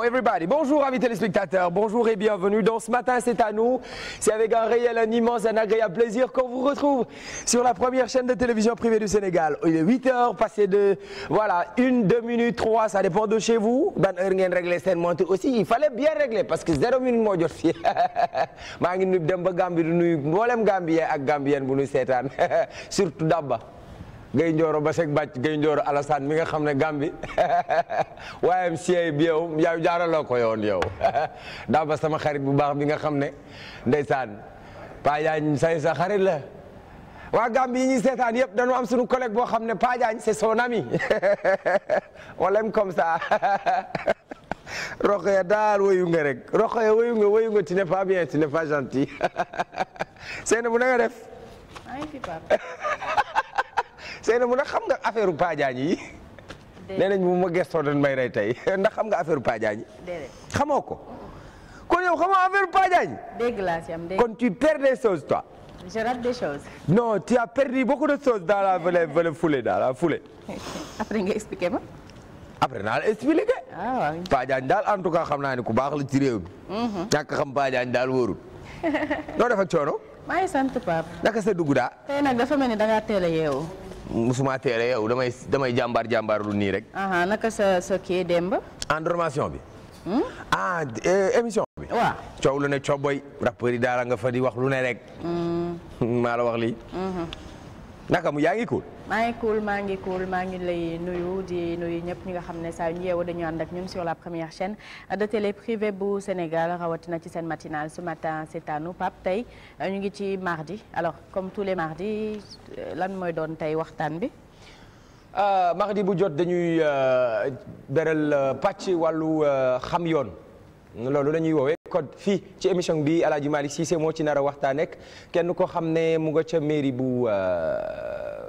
Hello everybody, bonjour amis téléspectateurs, bonjour et bienvenue dans Ce matin c'est à nous. C'est avec un réel, immense, un agréable plaisir qu'on vous retrouve sur la première chaîne de télévision privée du Sénégal. Il est 8 heures passé de voilà, une, deux minutes, trois, ça dépend de chez vous. Ban heure ngeen régler seen montre aussi, il fallait bien régler parce que zéro minute moo jot fii. Maa ngi nuyu dem ba Gambie du nuyu mboolem Gambien ak Gambien bu nuy seetaan surtout Damba. Gaye Ndioro Basek Bàcc Gaye Ndioro Alassane mi nga xam ne Gàmbi YMCA bi yow yow jaaraloo ko yoon yow daa ba sama xarit bu baax mi nga xam ne ndeysaan Pa Diagne sa xarit la waa Gàmbi yi ñuy seetaan yëpp dañoo am suñu collègue boo xam ne Pa Diagne c'est son ami wala comme ça daal woyu rek Rokhaya woyu nga woyu nga tu n'es pas bien tu n'es pas gentil Seynabou def. Seyna mu nag xam nga affaire paajaañ yi. nee nañ mu ma gëstoo doon may rey tey ndax xam nga affaire paajaañ yi. xamoo ko. kon yow xamoo affaire paajaañ. dégg laa ci kon tu perds des choses toi. je rate des choses. non tu as perdu beaucoup de choses dans la vallée vallée foulée dans la foulée. après nga expliqué ma. après naal la expliqué. ah waaw daal en tout cas xam naa ne ku baax la ci réew mi. Mhm. ñàkk xam paajaañ daal wóorul. noo def ak coono. maa ngi sant Pape. naka sa daa. dafa mel ni da ngaa a yeewu. musuma teere yow damay damay jàmbaar lu nii rek. naka sa sa kii démb. en formation bi. Hmm? ah eh, émission bi. coow lu ne coow boy rappeur yi daal di wax lu ne rek. Hmm. maa la wax lii. Hmm. naka mu yaa ngi cool. maa ngi cool maa ngi lay nuyu di nuyu ñëpp ñi nga xam ne saa ñu yeewoo dañu ànd ak ñun sur la première chaîne de télé privée bu Sénégal rawatina ci seen matinale ce matin c'est à nous Pape tey euh, ñu ngi ci mardi alors comme tous les mardis euh, lan mooy doon tey waxtaan bi. Euh, mardi bu jot dañuy beral pàcc wàllu xam yoon. loolu la ñuy woowee code fii ci émission bi El Hadj Malick Cissé moo ci nar a waxtaan nekk kenn ko xam ne mu nga ca mairie bu. Euh,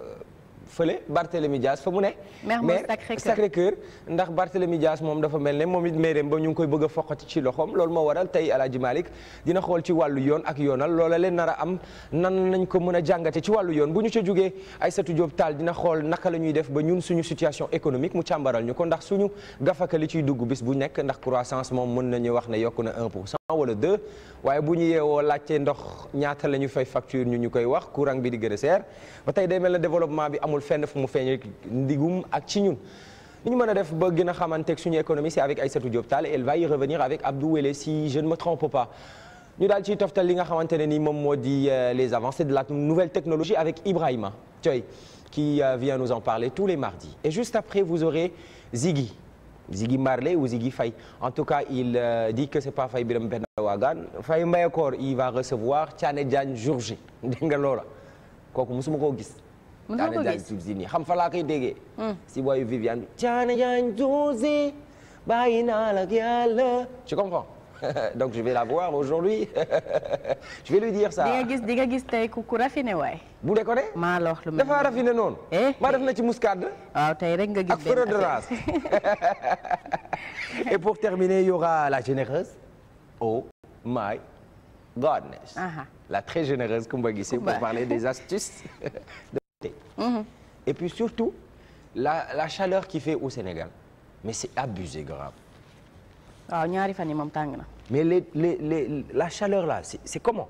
fële Barthélemy Dias fa mu ne. Mermoz Sacré-Cœur ndax Barthélemy Dias moom dafa mel ne moom it meereem ba ñu ngi koy bëgg foqati ci loxoom loolu moo waral tey El Hadj Malick dina xool ci wàllu yoon ak yoonal loola leen nar a am nan nañ ko mën a jàngate ci wàllu yoon bu ñu ci jógee ay satu Diop taal dina xool naka la ñuy def ba ñun suñu situation économique mu càmbaral ñu ko ndax suñu gafaka li ciy dugg bis bu nekk ndax croissance moom mën nañu wax ne yokk na 1 pour cent wala 2 waaye bu ñu yeewoo laajtee ndox ñaata la ñu fay facture ñu ñu koy wax courant bi di gën a seer ba tey day mel ne développement bi amul fenn fu mu feeñ ndigum ak ci ñun ñu mën a def ba gën a xamanteeg suñu économie c'est avec Aïssatou Diop Tall elle va y revenir avec Abdou Wele si je ne me trompe pas ñu daal ciy toftal li nga xamante ne ni moom moo di euh, les avancées de la nouvelle technologie avec Ibrahima Thioy qui euh, vient nous en parler tous les mardis et juste après vous aurez Ziggy Ziggy Marley ou Ziggy fay en tout cas il euh, dit que c'est pas Faye Birame Penda Wagan Faye Mbayakoor il va recevoir Thiané Diagne jour J nga loola kooku mosuma koo gis Thiané Diagne jour J nii xam fa laa koy déggee hmm. si booyu Viviane bi Thiané Diagne jour J bàyyi naa la yàlla tu donc je vais la voir aujourd'hui je vais lui dire ça. di nga gis di nga gis tey ku ku raffiné de. maa la wax lu mel dafa raffiné eh? rek nga gis benn affaire ak feu et pour terminer il y aura la généreuse. oh my goodness. Ah ah. la très généreuse Koumba Guissé pour parler des astuces mhm. et puis surtout la chaleur qui fait au Sénégal mais c'est abusé grave. waaw ñaari fan yi moom tàng na. mais les la chaleur là c'est c'est comment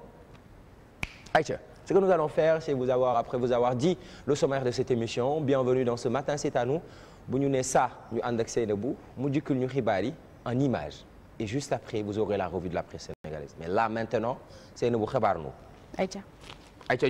Aïcha ce que nous allons faire c'est vous avoir dit le sommaire de cette émission bienvenue dans ce matin c'est à nous bu ñu nee saa ñu ànd ak Seynabou mu jukkil ñu xibaar yi en image et juste après vous aurez la revue de la presse sénégalaise mais là maintenant Seynabou xibaar nu. Aïcha Aïcha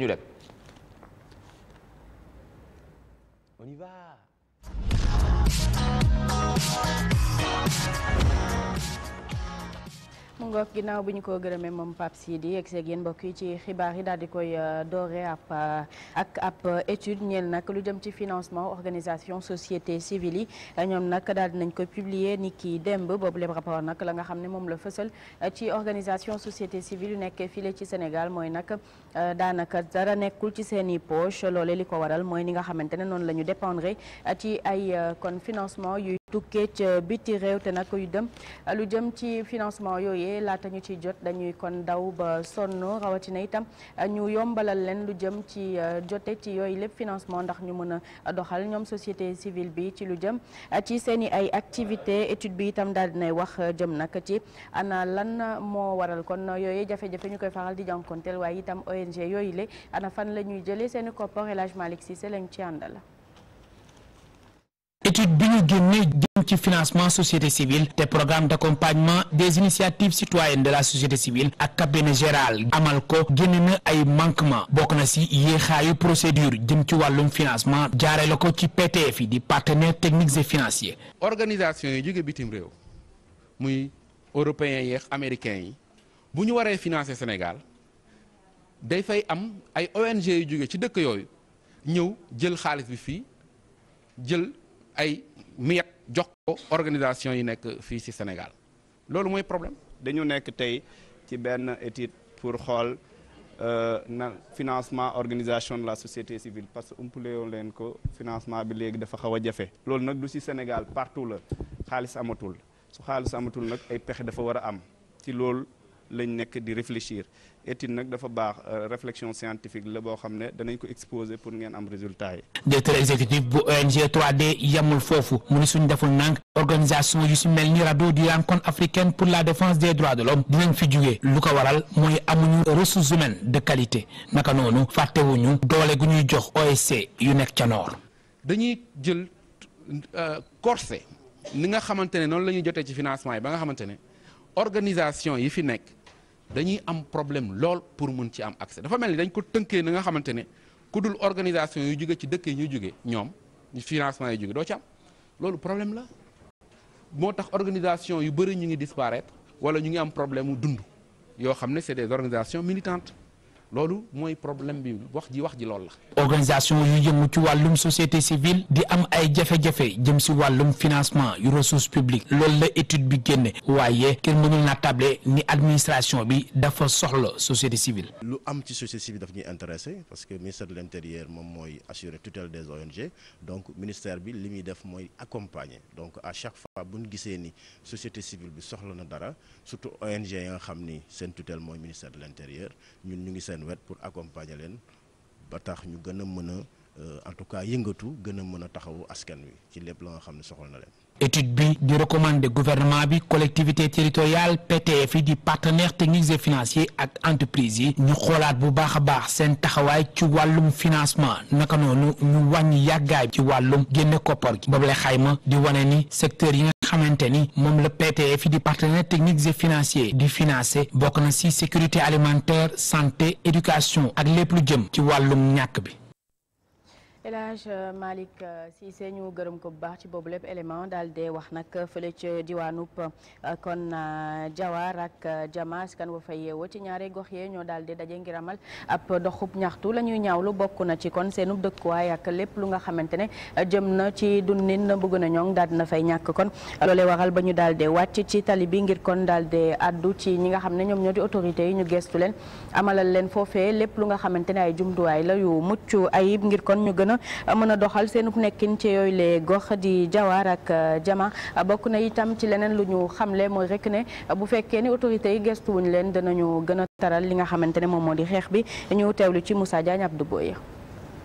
mu ngoog ginnaaw bi ñu ko gërëmee moom Pape Sidi yegg seeg yi ci xibaar yi daal di koy euh, doore ab euh, ak ab euh, étude ñeel nag lu jëm ci financement organisation société civile yi ñoom nag daal nañ ko publier ni ki démb boobu lépp rapport nag la nga xam ne moom la fësal ci organisation société civile yu nekkee file ci Sénégal mooy nag daanaka dara nekkul ci seen i poche loole li ko waral mooy ni nga xamante ne noonu la ñu dépendre ci ay kon financement yu tukkee ca biti réew te nag yu dem lu jëm ci financement yooyee laata ñu ci jot dañuy kon daw ba sonn rawatina itam ñu yombalal leen lu jëm ci euh, jote ci yooyu lépp financement ndax ñu mën a doxal ñoom société civile bi ci lu jëm ci seen i ay activité étude bi itam daal dinay wax jëm nak ci ana lan moo waral kon yooyee jafe-jafe ñu koy faral di jànkonteel waaye itam ONG yooyu le ana fan la ñuy jëlee seen i koppar El Hadj Malick ci àndal étude bi ñu génne jëm ci financement société civile te programme d'accompagnement des initiatives citoyennes de la société civile ak cabinet général amal ko génne na ay manquement bokk na si yéexaayu procédure jëm ci wàllum financement jaare la ko ci PTF yi di partenaires techniques et financiers organisation yi jóge bitim réew muy européens yeex américain yi bu ñu waree financer Sénégal day fay am ay ONG yu jóge ci dëkk yooyu ñëw jël xaalis bi fii ay miyet jox ko organisation yi nekk fii ci Sénégal loolu mooy problème. dañu nekk tey ci benn étude pour xool euh, na financement organisation de la société civile parce que umpule woon leen ko financement bi léegi dafa xaw a jafe. loolu nag du ci Sénégal partout la xaalis amatul su xaalis amatul nag ay pexe dafa war a am ci loolu. lañ nekk di réfléchir étude nag dafa baax euh, réflexion scientifique la boo xam ne danañ ko exposer pour ngeen am résultat yi. directeur exécutif bu ONG 3D yamul foofu mu ni suñ deful nank organisation yu si mel ni RADDHO di rencontre africaine pour la défense des droits de l'homme dinañ fi jugee lu ko waral mu mooy amuñu ressources humaines de qualité naka noonu fàttewuñu doole gu ñuy jox OSC yu nekk ca noor. dañuy jël euh, corsé ni nga xamante ne noonu la ñuy jotee ci financement ba nga xamante ne organisation yi fi nekk. dañuy am problème lool pour mun ci am accès dafa mel ni dañ ko tënkee na nga xamante ne ku dul organisation yu jóge ci dëkk yi ñuy jóge ñoom financement yi jóge doo ci am loolu problème la moo tax organisation yu bëri ñu ngi disparaître wala ñu ngi am problème mu dund yoo xam ne c'est des organisations militantes loolu mooy problème bi wax ji wax ji loolu la. organisation yu yëngu ci wàllum société civile di am ay jafe-jafe jëm si wàllum financement yu ressources publiques loolu la étude bi génne waaye kenn mënul na table ni administration bi dafa soxla société civile. lu am ci société civile daf ñuy intéressé parce que ministère de l' moom mooy assurer tutelle des ONG donc ministère bi li muy def mooy accompagner donc à chaque fois bu ñu gisee ni société civile bi soxla na dara surtout ONG yi nga xam ni seen mooy ministère de l' seen wet pour accompagner leen ba tax ñu gën a mën a euh, en tout cas yëngatu gën a mën a taxawu askan wi ci lépp la nga xam ne soxal na leen. étude bi di recommander gouvernement bi collectivité territoriale PTF yi di partenaires techniques et financiers ak entreprises yi ñu xoolaat bu baax a baax seen taxawaay ci wàllum financement naka noonu ñu wàññi yàggaay ci wàllum génne koppar gi boobu lay xayma di wane ni secteur yi xamante ni moom la PTF di partenaires technique et financier di financé bokk na si sécurité alimentaire santé éducation ak lépp lu jëm ci wàllum ñàkk bi El Hadj euh, Malick euh, Cissé ñu gërëm ko bu baax ci boobu lépp élément daal dee wax nag fële ca diwaanub euh, kon Jawar ak jamaas askan wa fa yeewoo ci ñaare gox yee ñoo daal di daje ngir amal ab doxub ñaxtu la ñuy ñaawlu bokk na ci kon seenu dëkkuwaay ak lépp lu nga xamante ne jëm na ci dundin na bëgg na ñoŋ daal na fay ñàkk kon loolee waxal ba ñu daal dee wàcc ci tali bi ngir kon daal dee addu ci ñi nga xam ne ñoom ñoo di autorités yi ñu gestu leen amalal leen foofee lépp lu nga xamante ne jumtuwaay la yu gën a mën a doxal seen ku nekkin ci yooyu les gox di jawaar ak euh, jama bokk na itam ci leneen lu ñu xamle mooy rek ne bu fekkee ni autorités yi gestuwuñ leen danañu gën a taral li nga xamante ne moom moo di xeex bi ñu teewlu ci musa Diagne Abdou Boye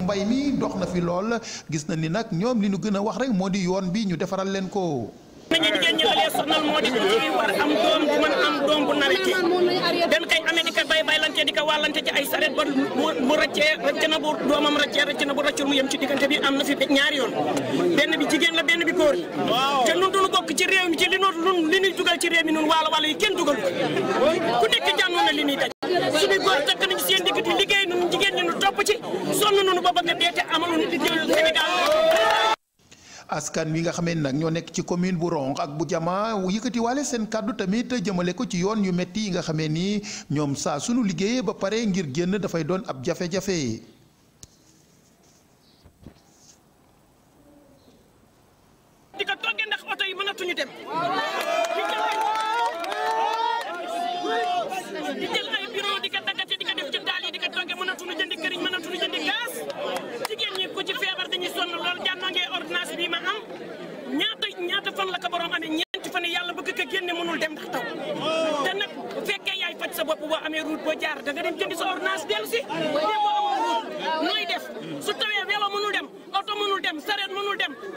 mbay mi dox na fi lool gis na ni nag ñoom li ñu gën a wax rek moo di yoon bi ñu defaral leen ko nañu jigéen ñi la lee soxnal moo di ñuy war am doom bu mën am doom bu nawete den di ko bay baylante di ko wàllante ci ay saret ba bu rëccee rëcc na bu doomam rëccee rëcc na bu rëccul mu yem bi am na fi ñaari yoon benn bi la benn bi góor te nun duñu bokk ci réew mi ci li nun li ñuy dugal ci réew mi nun waalo waalo yi li ñuy daj suñu góor takk nañu seen digg di liggéey nun jigéen ñi nu topp ci sonn nunu ba bëgg a dee te amaluñu Sénégal askan wi nga xamee ni nag ñoo nekk ci commune bu rong ak bu Diama yëkkati waale seen kàddu tamit jëmale ko ci yoon yu métti yi nga xamee ni ñoom saa sunu liggéeyee ba pare ngir génn dafay doon ab jafe-jafe. di ko toggee ndax oto yi mënatuñu dem. di jël ay bureau di ko daggate di ko def ci daal yi di ko toggee mënatuñu jëndi këriñ mënatuñu jëndi gaz. ci feebar dañuy sonn loolu jànnoo ngee ordonnance ma am ñaata ñaata fan la ko borom amee ñeenti fan yàlla bëgg ko génne mënul dem ndax taw te nag bu fekkee yaay faj sa bopp boo amee route boo jaar da nga dem jëndi sa ordonnance dellu si mais boo amul route nooy def su tawee vélo mënul dem oto mënul dem sareet mënul dem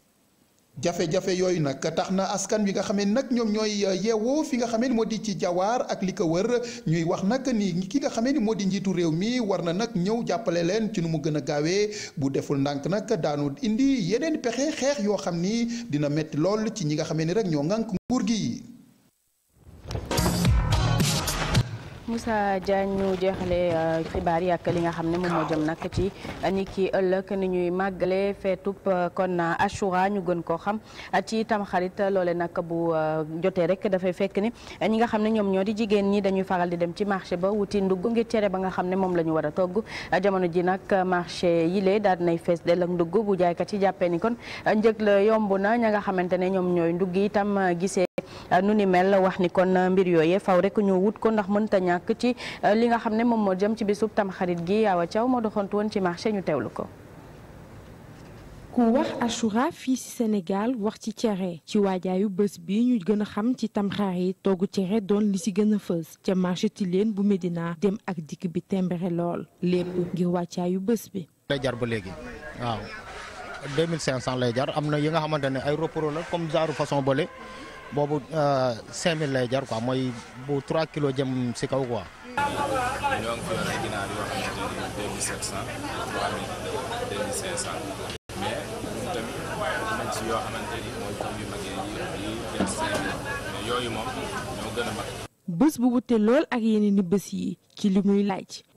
jafe-jafe yooyu nag tax na askan wi nga xamee nag ñoom ñooy euh, yeewoo fi nga xamee ni moo di ci jawaar ak li ko wër ñuy wax nag ni ki nga xamee ni moo di njiitu réew mi war na nag ñëw jàppale leen ci nu mu gën a gaawee bu deful ndànk nag daanu indi yeneen pexe xeex yoo xam ni dina metti lool ci ñi nga xamee ni rek ñoo ŋànk nguur gi. Moussa Diagne ñu jeexale euh, xibaar yi ak li nga xam ne moom moo jëm nag ci euh, ni ki ëllëg ni ñuy màggale feetub euh, kon Achoura ñu gën koo xam ci xarit loole nag bu jotee rek dafay fekk ni ñi nga xam ne ñoom ñoo di jigéen ñi dañuy faral di dem ci marché ba wuti ndugg ngir cere ba nga xam ne moom la ñu war a togg jamono ji nag marché yile daal nay fees del ak ndugg bu jaaykat yi jàppee ni kon njëg la yomb na ña nga xamante ñoom ñooy ndugg itam gisee Euh, nu ni mel wax ni kon euh, mbir yooye faw rekk ñu wut ko ndax mënta ñàkk ci euh, li nga xam ne moom moo jëm ci bisub tamxarit gi Awa Thiaw moo doxantu woon ci marché ñu teewlu ko ku wax Achoura fii ci Sénégal wax ci cere ci waajaayu bés bi ñu gën a xam ci tamxarit togg cere doon li ci gën a fës ca marché Tilène bu Médina dem ak dikk bi tembere lool lépp ngir waajaayu bés bi lay jar ba léegi waaw lay jar am na yi nga xamante ne ay repro la comme genre façon boobu 5000 euh, lay jar mooy bu 3 kilos jëm si kaw quoi. ñoo mais ñun tamit am nañ yi yi 25 yooyu moom ñoo gën mag. bés bu wute lool ak yeneen bés yi ci li muy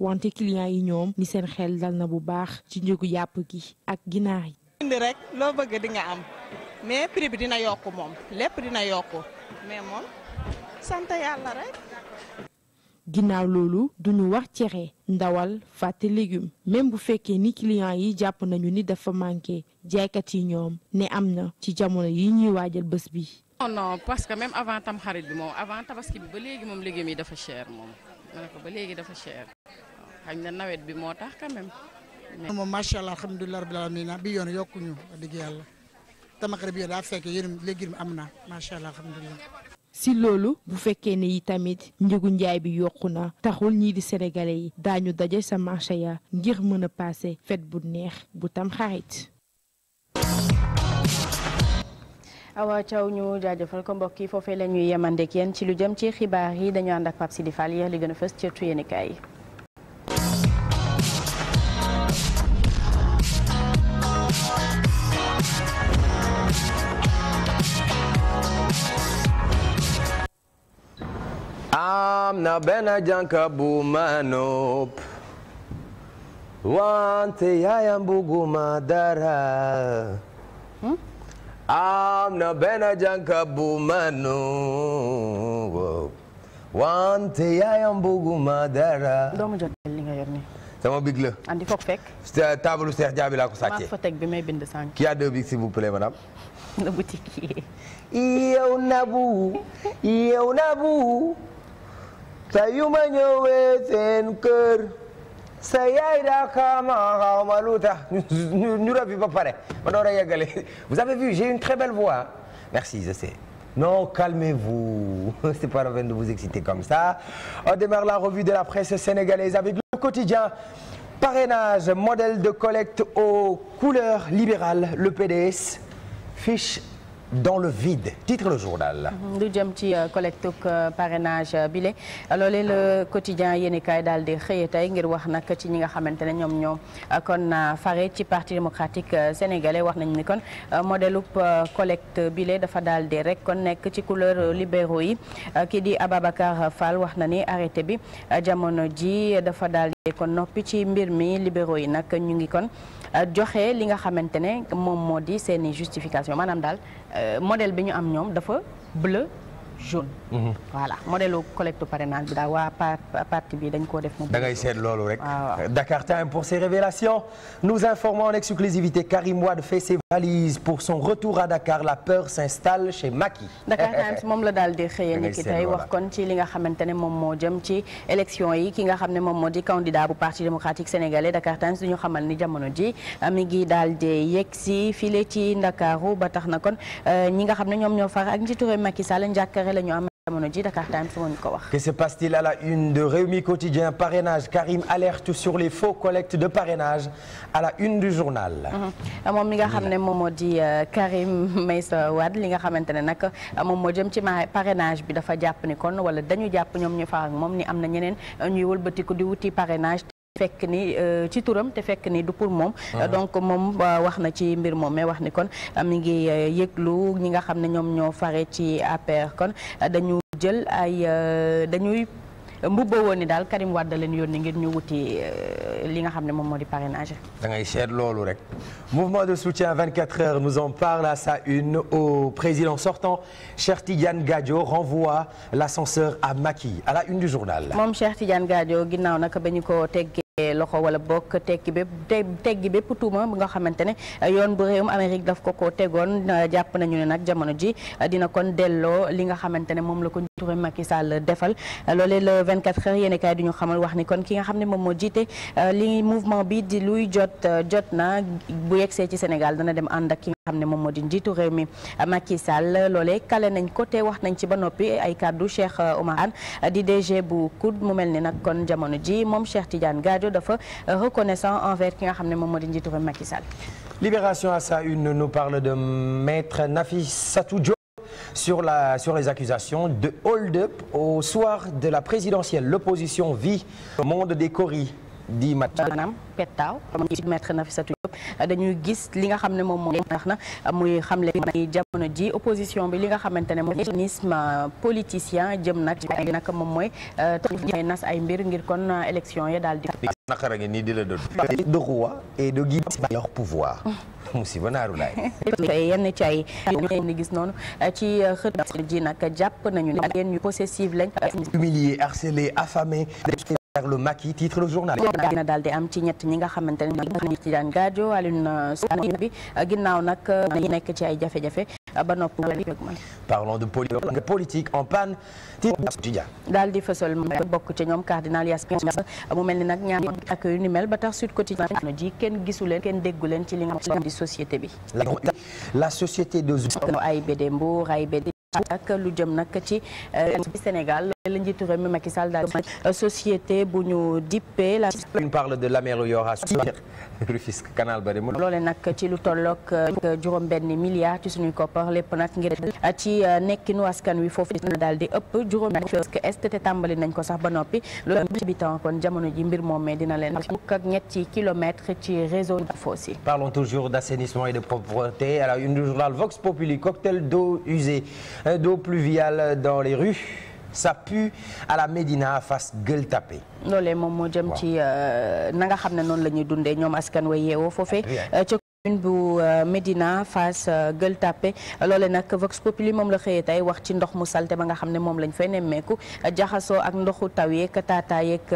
wante client yi ñoom ni seen xel dal na bu baax ci njëgu yàpp gi ak ginaar yi. indi rek loo bëgg di nga am. mais prix bi dina yokk moom lépp dina yokk mais moom sant yàlla rek. ginnaaw loolu duñu wax cere ndawal fàtte légume même bu fekkee ni client yi jàpp nañu ni dafa manqué jaaykat yi ñoom ne am na ci jamono yi ñuy waajal bés bi. non oh non parce que même avant tam xarit bi moom avant tabaski bi ba léegi moom légumes yi dafa cher moom ma ne ko ba léegi dafa cher xañ na nawet bi moo tax quand même. moom macha allah alhamdulilah rabbil alamin bi yoon yokkuñu wax dëgg yàlla. tamaxarabiyya daa fekk yéen léegi am na macha allah si loolu bu fekkee ni yi tamit njëgu njaay bi yokku na taxul ñii di sénégalais yi daañu daje sa marché ya ngir mën a paase fête bu neex bu tam xarit. Awa Thiaw ñu jaajëfal ko mbokk yi foofee la ñuy yemandeek yéen ci lu jëm ci xibaar yi dañu ànd ak Pape Sidi Fall yéex li gën a fës ci yéenekaay yi. am na benn jànk bu ma nopp wante yaayam buguma dara hmm? am na benn li nga yor ni sama big la andi foog fekk taabalu Seex Jaabi laa ko sàccee maa fa teg bi may bind sànq qui a deux bics s'il nabu sa yu ma ñëwee seen kër sa yaay daa xaama xaw ma lu tax ñu pare ma door a yeggale vous avez vu j'ai une très belle voix merci je non calmez-vous c'est pas la peine de vous exciter comme ça on démarre la revue de la presse sénégalaise avec le quotidien parrainage modèle de collecte aux couleurs libérales le PDS fiche dans le vide titre le journal. lu jëm ci euh, collecte euh, parenage euh, bile loolee le quotidien yéen kaay daal di xëyee tey ngir wax nag ci ñi nga xamante ne ñoom ñoom kon fare ci parti démocratique sénégalais wax nañu ni kon modèle collecte bile dafa daal di rek kon nekk ci couleur libéraux yi kii di Ababacar Fall wax na ni arrêté bi jamono ji dafa daal kon noppi ci mbir mi libéraux yi nag ñu ngi kon. joxe li nga xamante ne moom moo di seeni justification maanaam daal euh, modèle bi ñu am ñoom dafa bleu jaune voilà modèle collecte parrainage bi daal waa parti bi dañ koo def moom. da ngay seet loolu rek. Dakar Time pour ses révélations nous informons en exclusivité Karim Wade fait ses valises pour son retour à Dakar la peur s'installe chez Macky. Dakar Times moom la daal di xëyee ni ki tey wax kon ci li nga xamante ne moom moo jëm ci élection yi ki nga xam ne moom moo di candidat bu parti démocratique sénégalais Dakar Times du ñu xamal ni jamono ji euh, mi ngi daal di yegg si file ci Ndakaaru ba tax na kon euh, ñi nga xam ne ñoom ñoo far ak njiitu réew Macky Sall njàkkare la ñu am. jamono ji Dakar Times ñu ko wax. Que se passe-t-il à la une de Rewmi Quotidien parrainage Karim alerte sur les faux collectes de parrainage à la une du journal. Mm-hmm. moom li nga xam ne moom moo di euh, Karim Meïssa Wade li nga xamante ne nag moom moo jëm ci parenage bi dafa jàpp ni kon wala dañu jàpp ñoom ñu far moom ni am na ñeneen euh, ñuy wëlbatiku di wuti parrainage. fekk ni euh, ci turam te fekk ni du pour moom ah. donc moom wax na ci mbir moom mais wax ni kon euh, mi ngi euh, yëglu ñi nga xam ne ñoom ñoo fare ci APR kon dañu jël ay dañuy mbubboo woon ni daal Karim Wade yoon ni ngir ñu wuti li nga xam ne moom moo di parrainage. da ngay seet loolu rek. mouvement de soutien 24 heures nous en parle à sa une au président sortant Cheikh Tidiane Gadio renvoie l'ascenseur à Macky à la une du journal. moom Cheikh Tidiane Gadio ginnaaw nag loxo wala bokk tekki bépp teggi bépp tuuma bu nga xamante ne yoon bu réewum Amérique daf ko ko tegoon jàpp nañu ne nag jamono ji dina kon delloo li nga xamante ne moom la ko njiitu réew Macky Sall defal loolee vingt 24 heures yéen kaay ñu xamal wax ni kon ki nga xam ne moom moo jiite li mouvement bi di luy jot jot na bu yegsee ci Sénégal dana dem ànd ak xam ne moom moo di njiitu mi euh, Macky Sall loolee kale nañ côté wax nañ ci ba noppi ay kaddu Cheikh euh, Oumar di DG bu COUD mu mel ni nag kon jamono ji moom Cheikh Tidiane Gadio dafa euh, reconnaissant envers ki nga xam ne moom moo di njiitu réew mi Libération à sa une nous parle de maître Nafissatou Diop sur la sur les accusations de hold-up au soir de la présidentielle l'opposition vit au monde des coris di maanaam pettaaw maître Nafissatou dañuy gis li nga xam ne moom moo tax na muy xamle jamono ji opposition bi li nga xamante ne moom nisme politicien jëm nag nag moom mooy euh, nas ay mbir ngir kon euh, élection ya daal di naqara ngi nii di la de roi et de guider leur pouvoir musiba naaru laay yenn ci ay ni gis noonu euh, ci xët ji nag jàpp nañu ne yéen possessive lañ humilié harcelé affamé le Macky titre le journal. dina daal di am ci ñett ñi nga xamante ne ñoom ci daan gaajo Alioune Soumaré bi ginnaaw nag ñu nekk ci ay jafe-jafe ba noppi. parlons de politique en panne. daal di fësal bokk ci ñoom cardinal Yaspin mu mel ni nag ñaar ak yu ni mel ba tax Sud Quotidien ji kenn gisu leen kenn déggu leen ci li nga xam di société bi. la société de. AIBD Mbour AIBD. ak lu jëm nag ci euh, Sénégal la njiitu réew mi Macky Sall daal euh, société bu ñu dippee la une parle de la mer Yora mu loole nag ci lu tollook euh, juróom benn milliard ci suñuy koppar lépp nag ngir ci nekkinu askan wi foofu daal di ëpp juróom est te tàmbali nañ ko sax ba noppi loolu habitant kon jamono ji mbir moom dina leen fukk ak ñetti kilomètres ci réseau foos yi parlons toujours d'assainissement et de propreté à la une du Vox Populi cocktail d'eau usée d'eau pluviale dans les rues. ça à la Médina face Gueule Tapée. loolee moom moo jëm ci euh, na nga xam ne noonu la ñuy dundee ñoom askan wa yeewoo foofee. Ah, euh, ca commune bu euh, Médina face Gueule Tapée loole nag Vox Populi moom la xëyee tey wax ci ndox mu salte ba nga xam ne moom lañ fay nemmeeku jaxasoo ak ndoxu taw yeeg taataayeeg.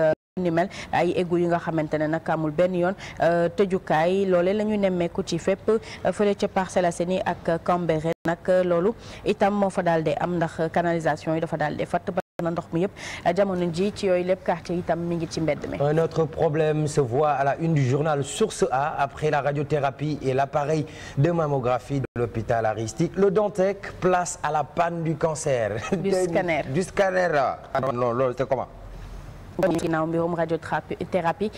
ni mel ay égout yi nga xamante ne nag amul benn yoon euh, tëjukaay loole la ñu nemmeeku ci fépp euh, fële ca se Assainies ak Cambérène nag euh, loolu itam moo fa dal de am ndax canalisation yi dafa daal di fatt ba ndox mi yëpp jamono ji ci yooyu lépp quartier itam mi ngi ci mbedd mi. Un autre problème se voit à la une du journal Source A après la radiothérapie et l'appareil de mammographie de l'hôpital Aristide le Dantec place à la panne du cancer. du scanner du scanner ah loolu c'est comment. ki na ginaaw mbirum radiothérapie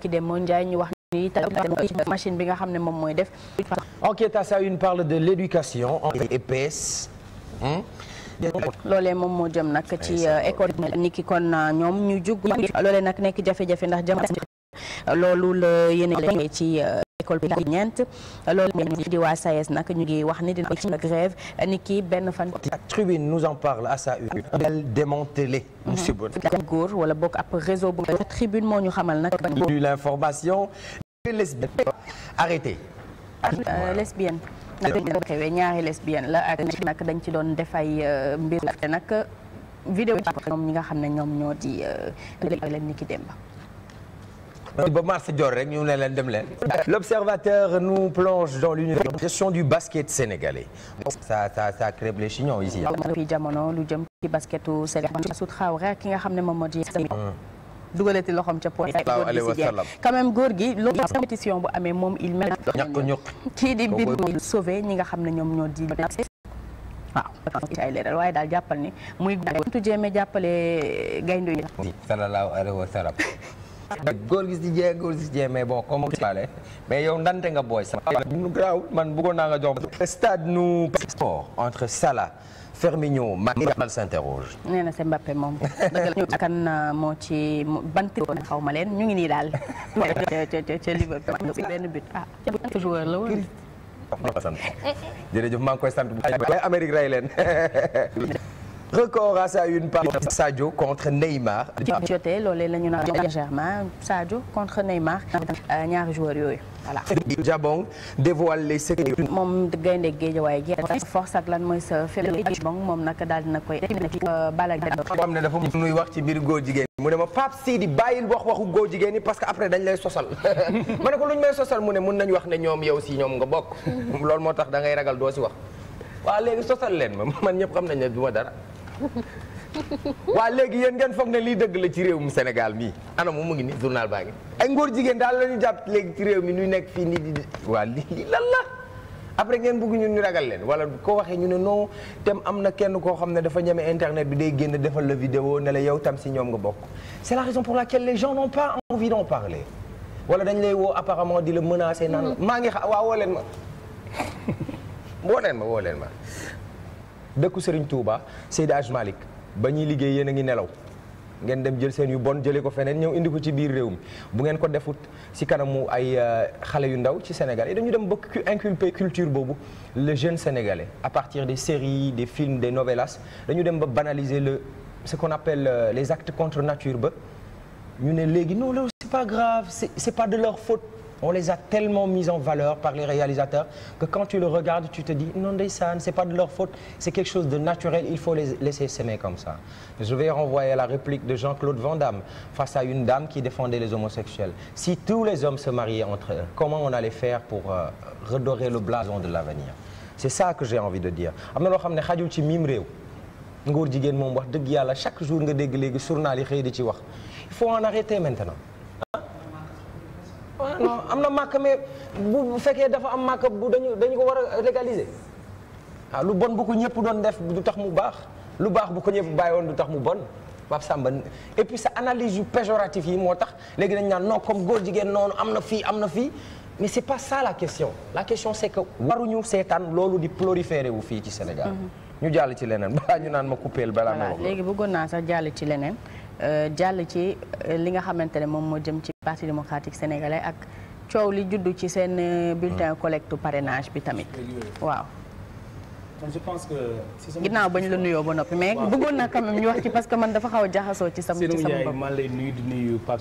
ki dem moo njaay ñu wax ni machine bi nga xam ne moom mooy def enquête à ça une parle de l'éducation épaisse loolee moom moo jëm nag ci euh, école niki kon euh, ñoom ñu jug loolee nag nekk jafe-jafe ndax jëm loolu la yéen a ci euh, école bi ñeent loolu ñu di waa e ñu ngi wax ni ci la kii benn fan. la tribune nous en parle à sa une. elle démantelée. monsieur Bon. góor wala bokk ab réseau bu tribune moo ñu xamal nag. du l'information lesbienne arrêté. lesbienne. ñaari lesbienne la ak nag dañ ci doon def ay euh, mbir nag vidéo ñoom ñi nga xam ne ñoom ñoo di euh, leen ni ki ba mars jor rek ñu ne leen dem leen. l'observateur nous plonge dans l'univers gestion du basket sénégalais. ça ça ça crève les si ici. depuis jamono lu jëm ci basketu Sénégal. Massoud Traoré ak ki nga xam ne moom moo di. dugalati loxoom ca poche. quand même góor gi loolu compétition bu amee moom il mel. ñàkk ñëpp kii nga xam ne ñoom ñoo di. waaw ci ay leeral waaye daal jàppal ni muy. tuuti jéem a jàppale gaynde yi. sallallahu alayhi wa sallam. góor gi si jee góor gi si jee mais bon comme mais yow ndante nga booy sama nu garaaw man bëggoon naa nga jox stade nu sport entre Salah Firmino Magal s'interroge nee na c'est Mbappé moom dëgg la kan euh, moo ci ban tirgoon xaw ma leen ñu ngi nii daal ca Liverpool benn but ah joueur la woon eh, eh. jërëjëf maa ngi koy sant bu Amérique rey leen record à sa une par Sadio contre Neymar. jotee loolee la ñu naan légèrement Sadio contre Neymar ñaari joueurs yooyu voilà. Jabong dévoile les secrets. moom gaynde Géejawaay gi force ak lan mooy sa faible Jabong moom nag daal dina koy bala. xam ne dafa wax ci biir góor jigéen mu ne ma Pape Sidi bàyyil wax waxu góor jigéen ñi parce que après dañ lay sosal ma ne ko luñ may sosal mu ne mun nañu wax ne ñoom yow si ñoom nga bokk. loolu moo tax dangay ragal doo si wax waaw léegi sosal leen ma man ñëpp xam nañ ne du dara. waa léegi yéen ngeen foog na lii dëgg la ci réew mi Sénégal mii ana moom mu ngi nii journal baa ngi ay ngóor jigéen daal la ñu jàpp léegi ci réew mi ñuy nekk fii nii di waa lii lan la après ngeen bëgg ñun ñu ragal leen wala ko waxee ñu ne non tem am na kenn koo xam ne dafa ñeme internet bi day génn defal la vidéo ne la yow tam si ñoom nga bokk c'est la raison pour laquelle les gens n'ont pas envie d'en parler wala dañ lay woo apparemment di la menacer naan mm-hmm. maa ngi xa waa leen ma woo ma woo leen ma dëkku Serigne Touba Seydi Hadj Malick ba ñuy liggéey yéen a ngi nelaw ngeen dem jël seen yu bon jëlee ko feneen ñëw indi ko ci biir réew mi bu ngeen ko defut si kanamu ay euh, xale yu ndaw ci Sénégal et dañu dem bëgg inculper culture boobu le jeune sénégalais à partir des séries des films des novelas dañu dem ba banaliser le ce qu'on appelle euh, les actes contre nature ba ñu ne léegi non loolu c'est pas grave c'est c'est pas de leur faute on les a tellement mis en valeur par les réalisateurs que quand tu le regardes tu te dis non ndeysaan c'est pas de leur faute c'est quelque chose de naturel il faut laisser s'aimer comme ça je vais renvoyer la réplique de Jean-Claude Van face à une dame qui défendait les homosexuels si tous les hommes se mariaient entre eux comment on allait faire pour euh, redorer le blason de l'avenir c'est ça que j'ai envie de dire am xam ne xajul ci mim réew ngóor moom wax dëgg yàlla chaque jour nga dégg léegi journal yi xëy di ci waaw am na màkk mais bu bu fekkee dafa am màkk bu dañu dañu ko war a légaliser waaw ah, lu bon bu ko ñëpp doon def du tax mu baax lu baax bu ko ñëpp bàyyi woon du tax mu bon Pape Samba et puis sa analyse yu péjoratif yi moo tax léegi dañ naan non comme góor jigéen noonu am na fii am na fii mais c'est pas ça la question la question c'est que waruñu seetaan loolu di proliférer wu fii ci Sénégal. Mm-hmm. ñu jàll ci leneen balaa ñu naan ma coupeel balaa ma wax léegi bëggoon naa sax jàll ci leneen. Euh, jàll ci euh, li nga xamante ne moom moo jëm ci parti démocratique sénégalais ak coow li juddu ci seen euh, bulletin hmm. collecte parrainage bi tamit waaw kon je pense que. ginnaaw bañ la nuyoo ba noppi mais bëggoon naa wax ci parce que man dafa xaw a jaxasoo ci sama. ci sama bopp maa lay nuyu di nuyu ah.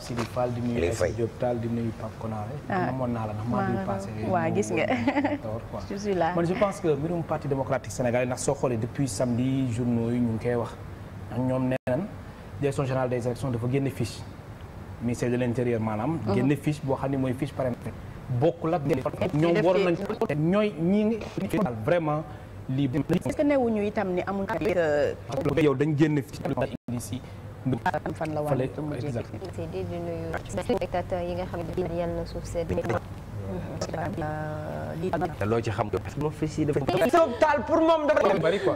la ndax maa gis nga je suis là. man je pense que mbirum parti démocratique sénégalais ndax soo xoolee depuis samedi journaux yi ñu ngi koy wax ndax ñoom nee direction générale des élections dafa génne fiche ministère de l' intérieur maanaam. Mhm. génne fiche boo xam ne mooy fiche parrainage. bokkul ak ñoom waroon nañu ñooy ñii ngi vraiment lii. est-ce que itam ni amul. Euh, yow dañ génn fiche. fan la wàllu mu jékki. di nuyu spectateurs yi nga xam ne yal na suuf seen. lii loo ci xam parce que office yi dafa taal pour moom dafa bari quoi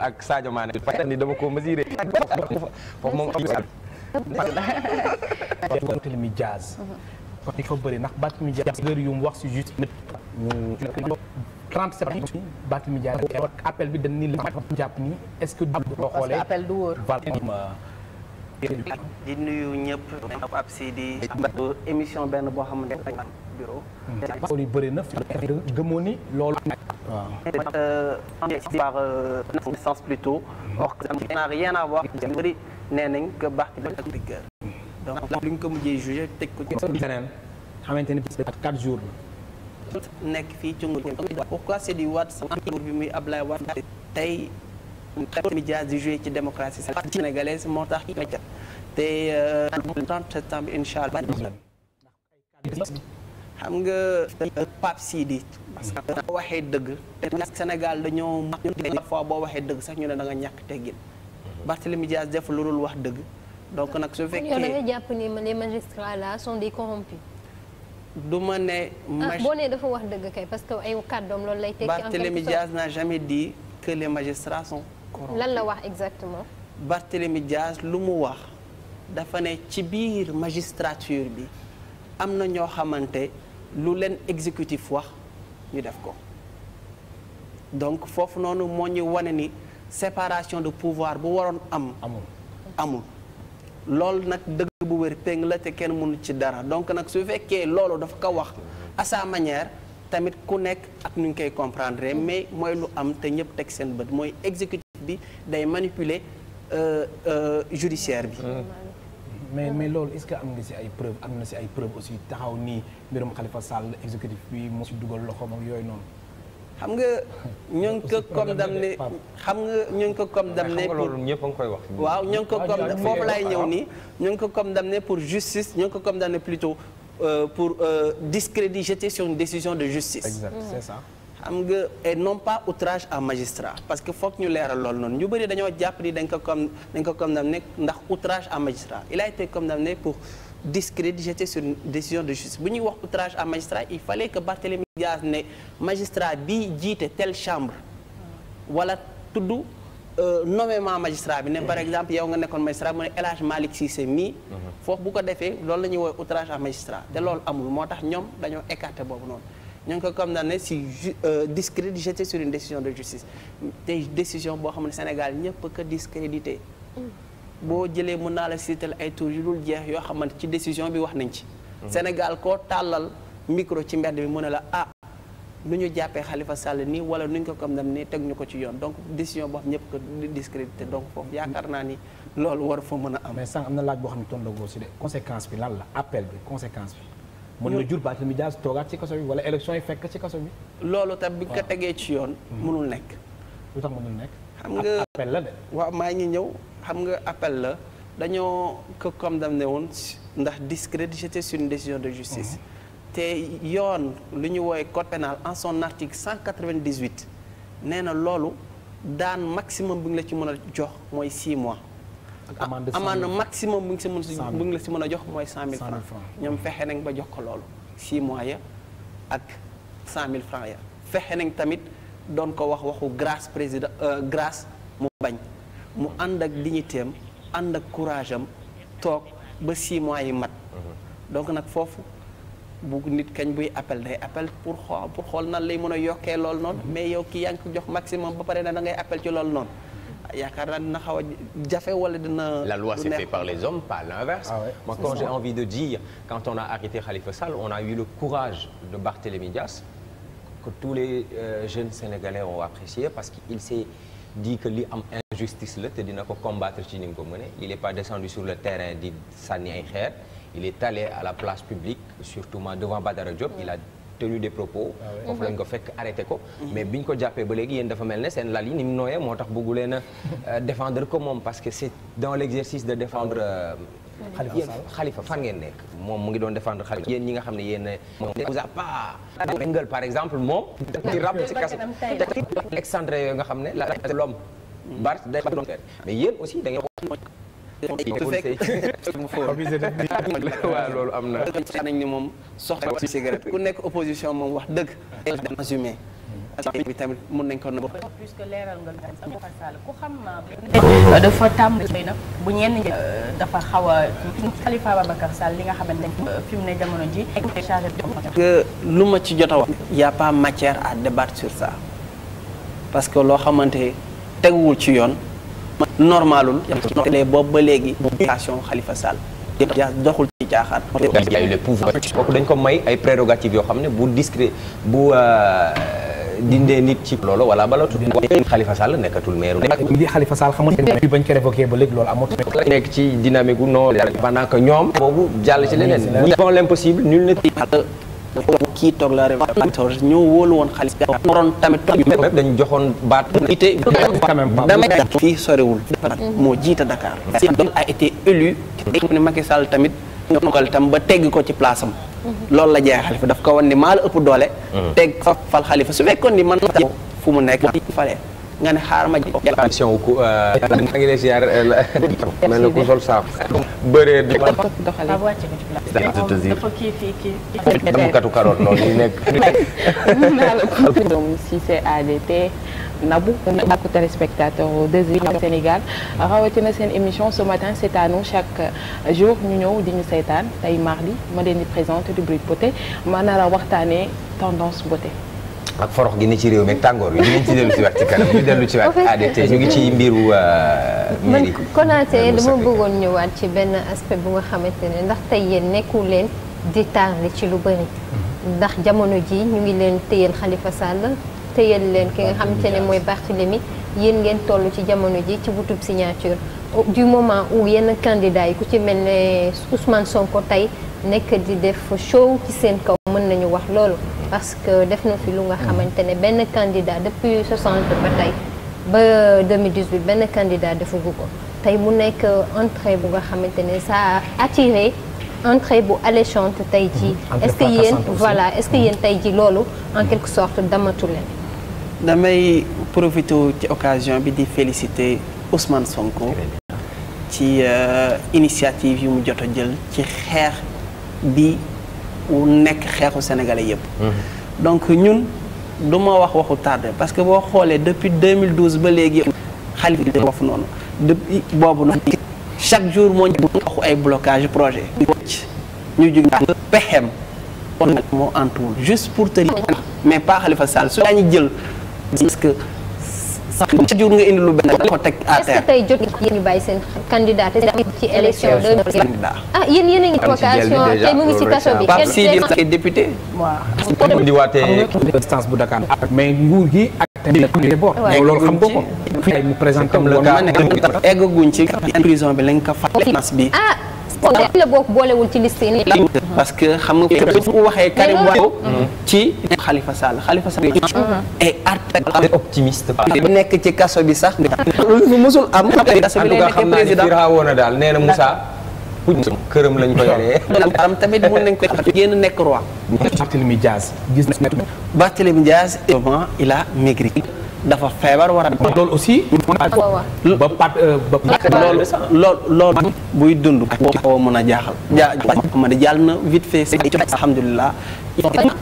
ak Sadio Mané ni dama ko mesuré foofu moom Barthélemy Diaz il faut bëri ndax Barthélemy Diaz heure mu wax si appel bi dañ ni li jàpp ni est que du xoolee appel du wóor di nuyu ñëpp ab si di émission benn boo xamante ne bureau loolu bëri na gëmoo ni loolu waaw euh, par euh, naissance plutôt or n'a rien à voir bëri nee nañ que Barthélémy ak rigueur donc li ko mujjee jugé teg ko ci feneen xamante ni quatre jours la nekk fii ci pourquoi c'est di Wade bi muy Ablaye Wade tey Barthélémy Dias di joué ci démocratie sénégalaise moo tax ki weccat te 30 euh, septembre incha allah xam nga Pape Sidi parce que boo waxee dëgg Sénégal dañoo fois boo waxee dëgg sax ñu ne da nga ñàkk teggin Barthélémy Dias def lu dul wax dëgg donc nag su jàpp ni les magistrats là sont des corrompus du ma ne ah, boo nee dafa wax dëgg kay parce que ay kàddoom loolu lay tekki en quelque sorte n'a jamais dit que les magistrats sont lan la wax exactement. Barthélemy Diaz lu mu wax dafa ne ci biir magistrature bi am na ñoo xamante lu leen exécutif wax ñu def ko donc foofu noonu moo ñu wane ni séparation de pouvoir bu waroon am. amul amul loolu nag dëgg bu wér péng la te kenn mënu ci dara donc nag su fekkee loolu dafa ko wax à sa manière. tamit ku nekk ak nu koy comprendre mais mooy lu am te ñëpp teg seen bët mooy exécutif bi day manipuler euh, euh, judiciaire bi. Euh. mais mais loolu est-ce que am nga si ay preuves am na ci ay preuves aussi taxaw nii mbirum Khalifa Sall exécutif bi moo ci dugal loxoom ak yooyu noonu. xam nga ñoo ngi ko condamné xam nga ñoo ngi ko condamné pour ñëpp a ngi ko ah, condamné foofu laay ñëw nii ñoo ngi ko pour justice ñoo ngi ko condamné plutôt pour discrédit jeté sur une décision de justice. exact am nga et non pas outrage à magistrat parce que foog ñu leeral loolu noonu ñu bëri dañoo jàpp ni dañ ko comme dañ ko condamné ndax outrage à magistrat il a été condamné pour discrédit jeté sur une décision de justice bu ñuy wax outrage à magistrat il fallait que Barthélémy Diaz ne magistrat bi jiite telle chambre wala tudd euh, nommément magistrat bi ne par exemple yow nga nekkoon magistrat mu ne El Hadj Malick Cissé mii mhm. foofu bu ko defee loolu la ñuy woowee outrage à magistrat te loolu amul moo tax ñoom dañoo écarté boobu noonu ñu ngi ko condamné si euh, discrédit jeté sur une décision de justice te décision boo xam ne Sénégal ñëpp ko discrédité mm. boo jëlee mën naa la siital ay tour yu dul jeex yoo xamante ci décision bi wax nañ ci mm-hmm. Sénégal koo tàllal micro ci mbedd bi mu ne la ah nu ñu jàppee Khalifa Sall nii wala nu ñu ko condamné teg ñu ko ci yoon donc décision boo xam ñëpp ko discrédité donc foofu yaakaar naa ni loolu war fa mën a am mais sànq am na laaj boo xam ne tontu la si de bi lan la appel bi conséquence bi mën na jur Barthélémy Dias toogaat ci kaso bi wala élection yi fekk ci kaso bi. loolu tam bi nga ko tegee ci yoon. Hmm. mënul nekk. lu tax mënul nekk. xam nga appel la de. waaw maa ngi ñëw xam nga appel la dañoo ko condamné woon ndax discrédité sur une décision de justice. Hmm. te yoon lu ñu woowee code pénal en son article 198 nee na loolu daan maximum bi nga la ci mën a jox mooy 6 mois. amende amende maximum bu ngi si si bu ngi la si mën a jox mooy cent mille francs ñoom fexe nañ ba jox ko loolu six mois ya ak cent mille francs ya fexe nañ tamit doon ko wax waxu grâce président euh, grâce mu bañ mu ànd ak dignité am ànd ak courage am toog ba six mois yi mat mhm. donc nag foofu bu nit kañ buy appel day appel pour xool pour xool nan lay mën a yokkee loolu noonu mhm. mais yow ki yaa ngi ko jox maximum ba pare na da ngay appel ci loolu noonu yaakaar naa dina xaw jafe wala dina. la loi c'est fait par les hommes pas l'inverse ah ouais, j'ai envie de dire quand on a arrêté Khalifa Sall on a eu le courage de Barthélémy Dias que tous les euh, jeunes sénégalais ont apprécié parce qu'il s'est dit que li am injustice la te dina ko combattre ci ni nga ko mënee il est pas sur le terrain di sànni ay xeer il est allé à la place publique surtout devant Badara Diop il a tenu des propos. Ah foofu lañ ko fekk arrêté ko. Mhm. mais biñ ko jàppee ba léegi yéen dafa mel ne seen lal yi ni mu nooyee moo tax bëggu leen a euh, défendre ko moom parce que c'est dans l'exercice de défendre. Ah euh, Khalifa fan ngeen nekk. moom mu ngi doon défendre Khalifa yéen ñi nga xam ne yéen a pas Bengal par exemple moom. ci rab ci kas excentré nga xam ne la l'homme. Bart day mais yéen aussi da waaw loolu am na. nañ ni moom soxla ci cigarette ku nekk opposition moom wax dëgg. assumé bi tamit mun nañ ko nangam. puisque leeral nga ku xam dafa tàmbali nag bu ñenn dafa xaw a Khalifa Ababacar Sall li nga xamante ne mu ne jamono ji que lu ma ci jot wax. y' a pas matière à débattre sur ça parce que loo xamante teguwul ci yoon. normalul les boobu ba léegi éducation Khalifa Sall doxul ci caaxaan le pouvoir kooku dañ ko may ay prérogatives yoo xam ne bu discret bu euh, dindee nit ci loolu wala bala tudd Khalifa Sall nekkatul maire di Khalifa Sall xamante ne bañ ko révoqué ba léegi loolu amatu nekk ci dynamique gu non pendant que ñoom boobu jàll ci leneen bon l'impossible nul ne kii toog la réew ñoo wóolu woon xaalis bi waroon tamit dañ joxoon baat ité fii sorewul moo jiita Dakar a été élu ne Macky Sall tam ba tegg ko ci place am loolu la jeex xalifa daf ko wan ni maa la ëpp doole mm-hmm. tegg fa fal xalifa su nekkoon ni man fu mu nekk falee nga ne xaar ma ji. émission ku. maa euh, ngi lay ziar. na euh, ku sol saako. bëree du. doxalee waaw wàcc kii fii kii. am katu karoot loolu nekk. mën naa la kii. donc si c'est ADT Nabou ak téléspectateur 2 Sénégal rawatina seen émission ce matin c'est chaque euh, jour ñu ñëw di ñu seetaan tey mardi ma leen di présenter rubrique beauté ma nar a waxtaanee tendance beauté. ak forox gi ni ci réew mi tàngoor bi dinañ ci dellu si waat ci kanam ñu dellu ci waat ADT ñu ngi ci mbiru euh, mairie Konaté dama bëggoon ñëwaat ci benn aspect bu nga xamante ne ndax tey yéen nekkul leen di tardé ci lu bëri mhm. ndax jamono ji ñu ngi leen téyal Khalifa Sall téyal leen ki nga xamante ne mooy Barthélemy yéen ngeen toll ci jamono ji ci wutub signature du moment où yenn candidat yi ku ci mel ne Ousmane Sonko tey nekk di def show ci seen kaw mën nañu wax loolu parce que def na fi lu nga mm. xamante ne benn candidat depuis 60 ba tey ba benn candidat defagu ko tey mu nekk entrée bu nga xamante ne ça a attiré entrée bu alléchante tey jii mm-hmm. est-ce que yéen voilà est-ce que yéen mm-hmm. tey jii loolu en quelque sorte damatu leen damay profité ci occasion bi di féliciter Ousmane Sonko ci euh, initiative yu mu jot a jël ci xeex bi wu nekk xeexu sénégalais yëpp. Mhm. donc ñun du ma wax waxu tardé parce que boo xoolee depuis 2012 ba léegi. xalifa bi foofu noonu. depuis boobu noonu chaque jour moo ñu waxu ay blocage projet. ñu jug pexem moo entouré juste pour te mais pas Khalifa Sall su la ñu jël parce chaque jour nga indi lu benn ko teg à terre. est-ce que tey ah, a ngi ci vocation tey mu ngi ci kaso bi. Pape Sidi Sakho député. waaw ah, mais nguur gi ak tamit boo loolu xam nga ko. mu présenté comme le cas eggaguñ ci prison bi lañ ko fàtte. ah la bokk boolewul ci liste yi parce que xam nga su waxee Karim Wade mm-hmm. ci Khalifa Sall Khalifa Sall mm-hmm. et article optimiste nekk ci kaso bi sax lu musul am en tout cas xam naa ni firaawoon na daal nee na Moussa këram lañ ko yoree am tamit mën nañ ko génn nekk roi Barthélémy Diaz gis na Barthélémy Diaz il a maigri dafa feebar war a. loolu aussi. ba pat euh, ba pat. loolu loolu buy dund. boo ko mën a jaaxal. jaa ma di jàll na vite fait. alhamdulilah.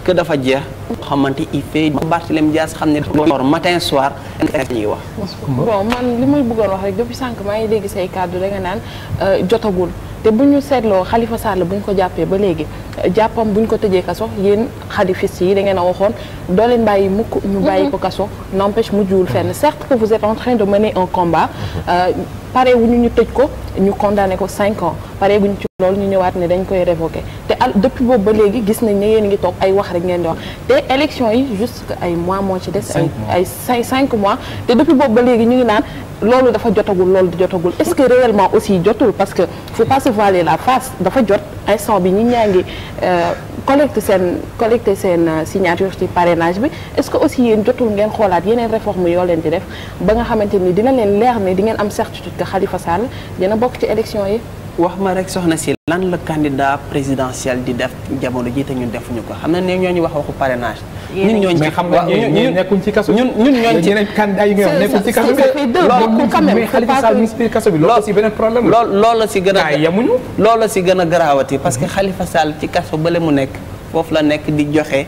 que dafa jeex xamante il fait Barthélémy Dias xam ne or matin soir ñuy wax bon man li ma bëggoon wax rek sànq maa ngi dégg say kàddu da naan euh, jotagul te bu ñu seetloo xalifa Sall bu ñu ko jàppee ba léegi euh, jàppam bu ñu ko tëjee kaso yéen xalifistes yi da ngeen a waxoon doo leen bàyyi mukk ñu bàyyi ko kaso n'empêche mujjuwul fenn certes que vous êtes en train de mener un combat euh, pare wu ñu ñu tëj ko ñu condamné ko cinq ans pare bu ñu ci loolu ñu ñëwaat ne dañ koy révoqué al depuis boobu ba léegi gis nañ ne yéen ngi toog ay wax rek ngeen di wax te élection yi juste que ay mois moo ci des. ay ay cinq mois te depuis boobu ba léegi ñu ngi naan loolu dafa jotagul loolu jotagul est-ce que réellement aussi jotul parce que faut pas se voiler la face dafa jot instant bi ñu ñaa ngi euh, collecte seen collecte seen euh, signature ci parrainage bi est-ce que aussi yéen jotul ngeen xoolaat yeneen réforme yoo leen di def ba nga xamante ni dina leen leer ne di ngeen am certitude que Khalifa Sall dina bokk ci élection yi. wax ma rek soxna si lan la candidat présidentiel di def jamono jiite ñu ñun defuñu ko xam na ne ñoo ñu wax waxu parrainage. ñun ñooñu ci xam nga ñun nekkuñ ci kaso. ñun ci yeneen candidat yi nga bi. loolu quand même Khalifa Sall la. loolu la si gën a yemuñu. la si gën a garaawati parce que mhm. Khalifa Sall ci kaso bële mu nekk foofu la nekk di joxe.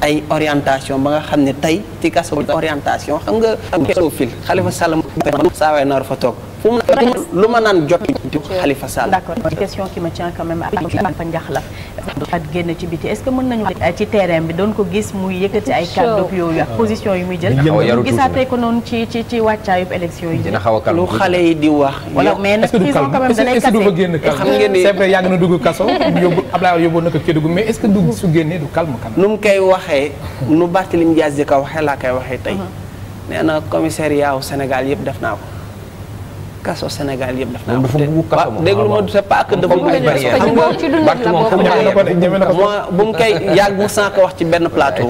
ay orientation ba nga xam ne tey ci kaso orientation xam nga. xalifa Sall saa waay nar fa toog. fu lu ma naan jot di Khalifa Sall. d'accord a qui me tient quand même Alpha Ndiakhla at génn ci biti est-ce que mën nañu ci terrain bi doon ko gis muy yëkkati ay kàddu yooyu ak position yu muy jël gisaatee ko noonu ci ci ci wàccaayub élection yi lu xale yi di wax wala mais nag prison quand même dalay xam ngeen ni c'est vrai yàgg na dugg kaso yóbbu Abdoulaye yóbbu na ko Kédougou mais est-ce que du su génnee du calme quand même nu mu koy waxee nu Barthélémy Dias di ko waxee laa koy waxee tey mm-hmm. nee na commissariat u Sénégal yëpp def naa ko kaso Sénégal yëpp def naa ko déglu ma c'est pas que dafa bëgg barrière bu mu wax ci benn plateau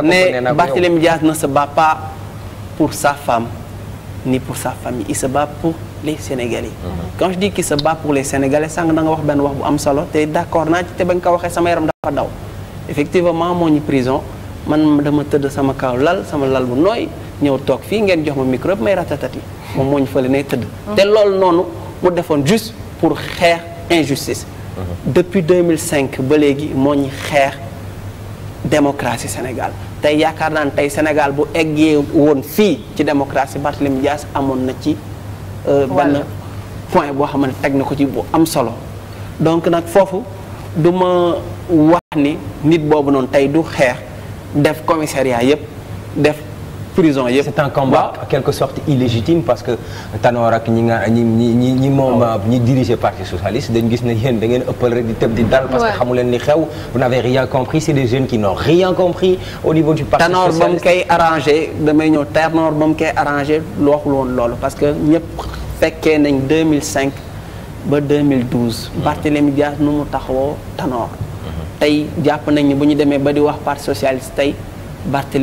ne Barthélémy Diaz na sa bat pas pour sa femme ni pour sa famille il se bat pour les Sénégalais mhm. quand je dis qu'il se bat pour les Sénégalais sànq da nga wax benn wax bu am solo te d'accord naa ci te ba nga ko waxee sama yaram dafa daw effectivement moo ñu prison man dama tëdd sama kaw lal sama lal bu nooy ñëw toog fii ngeen jox ma micro may ratatati moom moo ñu fële ne tëdd. te loolu noonu mu defoon juste pour xeex injustice. depuis 2005 ba léegi moo ñu xeex démocratie Sénégal tey yaakaar naa ne tey Sénégal bu eggee woon fii ci démocratie Barthélémy Dias amoon na ci. Euh, benn point boo xam ne teg na ko ci bu am solo. donc nag foofu du ma wax ni nit boobu noonu tey du xeex def commissariat yépp def. prison yëpp. c'est un combat en quelque sorte illégitime parce que Tanor ak ñi nga moom ñi diriger parti socialiste dañu gis ne yéen da ngeen rek di dal. parce que xamu li xew. vous n'avez rien compris c'est des jeunes qui n'ont rien compris au niveau du parti socialiste Tanor ba mu koy arrangé damay ñëw Tanor ba mu koy arrangé waxul woon loolu parce que ñëpp fekkee nañ ba 2012. Mm-hmm. Barthélémy nu mu taxawoo Tanor. Mm-hmm. tey jàpp nañ ni bu ñu demee ba di wax parti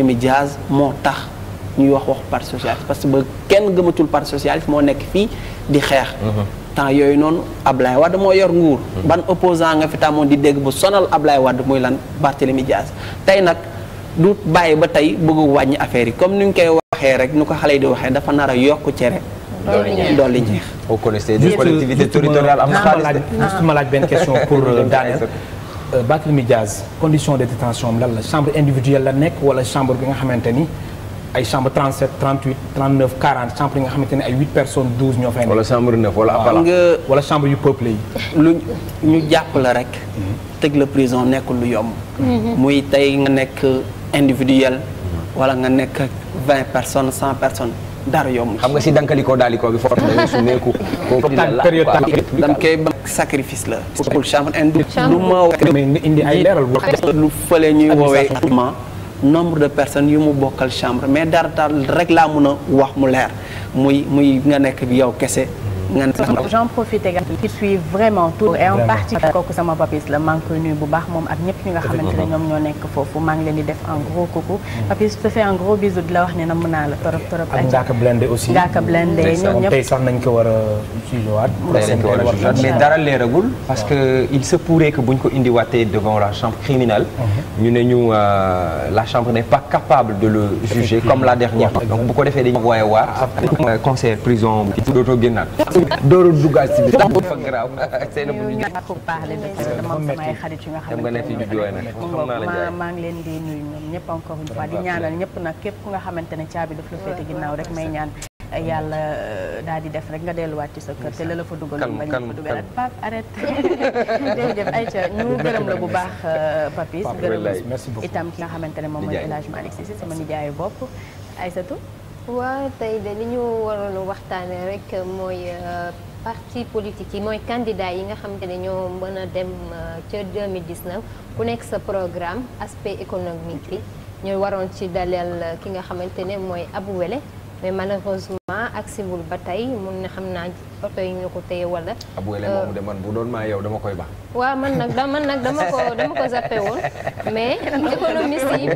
ñuy wax wax parti socialiste parce que ba kenn gëmatul parti socialiste moo nekk fii di xeex mhm. temps yooyu noonu Ablaye Wade moo yor nguur mhm. ban opposant nga fi tàmmoon di dégg bu sonal Ablaye wadd muy lan Barthélemy Dias tey nag du bàyyi ba tey bëgg wàññi affaire yi comme ni ñu koy waxee rek nu ko xale yi di waxee dafa nar a yokk cere dolli ñeex vous mhm. connaissez des collectivités territoriales am na xaalis mustuma laaj benn question pour euh, Daniel euh, Barthélemy Dias condition de détention am lan la chambre individuelle la nekk wala chambre bi nga xamante ni ay chambre 37 38 39 40 chambre yi nga xamante ne ay 8 personnes 12 ñoo fay nekk. wala chambre 9 wala apala nga chambre yu peuple yi. lu ñu jàpp la rek. Mhm. teg la prison nekkul lu yomb. Mhm. muy tey nga nekk individuel. wala nga nekk 20 personnes cent personnes. dara yomb xam nga si dankalikoo daalikoo bi foofu la su neeku. période dañ koy ba sacrifice la. pour chambre indi. lu ma. mais nga indi lu fële nombre de personnes yu mu bokkal chambre mais dara daal rek laa mun a wax mu leer muy muy nga nekk yow kese j'en profite également qui suit vraiment tout et en partie kooku sama papis la maa ngi koy nuyu bu baax moom ak ñëpp ñi nga xamante ne ñoom ñoo nekk foofu maa ngi leen di def un gros coucou mm. papis je te fais un gros bisou di la wax ne na mën naa la torop torop ak Ngaaka Blindé aussi Ngaaka Blindé ñoom ñëpp tey sax nañ ko war a jugewaat mais dara leeragul parce que il se pourrait que buñ ko indiwaatee devant la chambre criminelle mm-hmm. ñu ne ñu euh, la chambre n'est pas capable de le juger comme la dernière donc bu ko defee dañu envoyé waat euh, conseil prison d'auto génnaat dooru duggaat si biir. dafa garaaw seen bu ñu. ko baaxle de parce que dama am samay xarit yu nga xamante maa ngi leen di nuyu ñëpp encore une fois di ñëpp nag képp ku nga xamante ne caabi daf la féete ginnaaw may ñaan. yàlla euh, daal di def rek nga delluwaat ci sa kër te la la fa dugal bañ fa dugalaat Pape arrête jërëjëf Aïcha ñu gërëm la bu baax euh, Papis gërëm ki nga xamante ne moom mooy El Hadj Malick Cissé sama nijaayu bopp Aïssatou waaw tey de li ñu waroon waxtaane rek mooy euh, parti politique yi mooy candidat yi nga xamante ne ñoo mën a dem euh, ca 2019 ku nekk sa programme aspect économique yi ñu waroon ci dalal euh, ki nga xamante ne mooy Abou Wele mais malheureusement ak siwul ba tey mun na xam naa oto yi ñu ko téye wala. abuweele ah, euh, moomu de man bu doon maa yow dama koy baax. waaw man nag da man dama ko dama ko zappé woon mais économiste yi.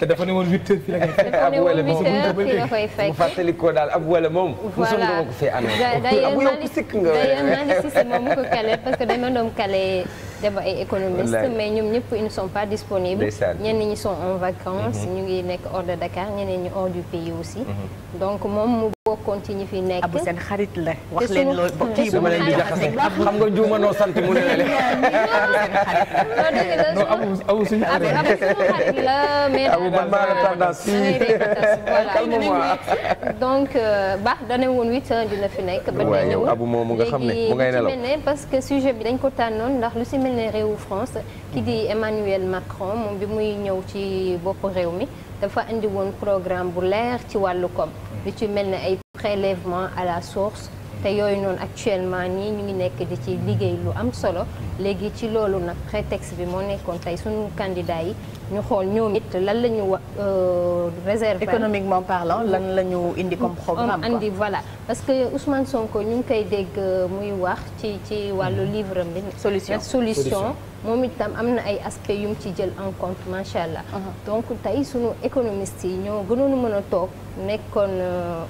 te dafa la koy fekk. abuweele moomu fii la koy fekk. mu fàttali ko daal abuweele moomu. voilà mosul ko fee amee. abu yow ku sikk nga d'ailleurs Malick Cissé moom mu ko kale parce que dañ ma kale. dafa ay économistes mais ñoom ñëpp ils ne sont pas disponibles ñenn ñi sont en vacances mhm. ñu ngi nekk hors de Dakar ñeneen ñi hors du pays aussi mhm. donc moom bokkoon ci ñi fi nekk abu seen xarit la wax leen loolu kii bu ma leen di jaxase xam nga juuma noo sant mu ne la non abu abu suñu xarit la mais abu man maa la tendance donc euh, fi nekk ba waaw moom mu nga xam ne mu ngay nelaw parce que sujet bi dañ ko tànnoon ndax lu si mel ne réewu France ki di Emmanuel Macron moom bi muy ñëw ci bopp réew mi dafa indi woon programme bu leer ci wàllu koom li ci mel ne ay prélèvement à la source te yooyu noonu actuellement nii ñu ngi nekk di ci liggéey lu am solo léegi ci loolu nag prétexte bi moo nekkoon tey suñu candidat yi ñu xool ñoom it lan la ñu wa euh, réservé. économiquement parlant lan la ñu indi comme programme indi voilà parce que Ousmane Sonko ñu ngi koy dégg euh, muy wax ci ci wàllu mm-hmm. livre bi. solution solution. moom itam am na ay aspects yu mu ci jël en compte macha allah. Mm-hmm. donc tey sunu économistes yi ñoo gënoon mën a toog nekkoon. Euh,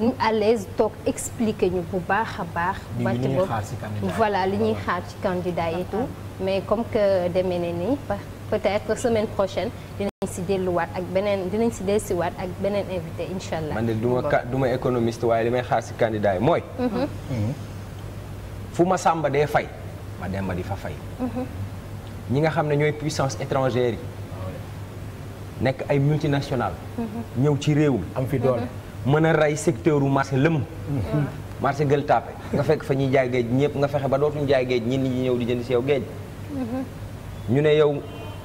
ñu à l'aise toog expliquer ñu bu baax a baax. li ci candidat voilà li ñuy xaar ci candidat yi tout mais comme que demee na ni peut-être semaine prochaine dinañ si delluwaat ak beneen dinañ si dellusiwaat ak beneen invité incha allah. man de du ma du waaye li may xaar ci candidat yi mooy. Mhm. Mhm. fu ma sàmba dee fay ma dem di fa fay. Mhm. ñi nga xam ne ñooy puissance étrangère yi. Ah nekk ay multinationales. ñëw ci réew mi am fi doole. mën a rey secteur u marché lëm marché gël tapé nga fekk fa ñuy jaay géej ñëpp nga fexe ba dootuñu jaay géej ñin ñi ñëw di jënd si yow géej mhm. ñu ne yow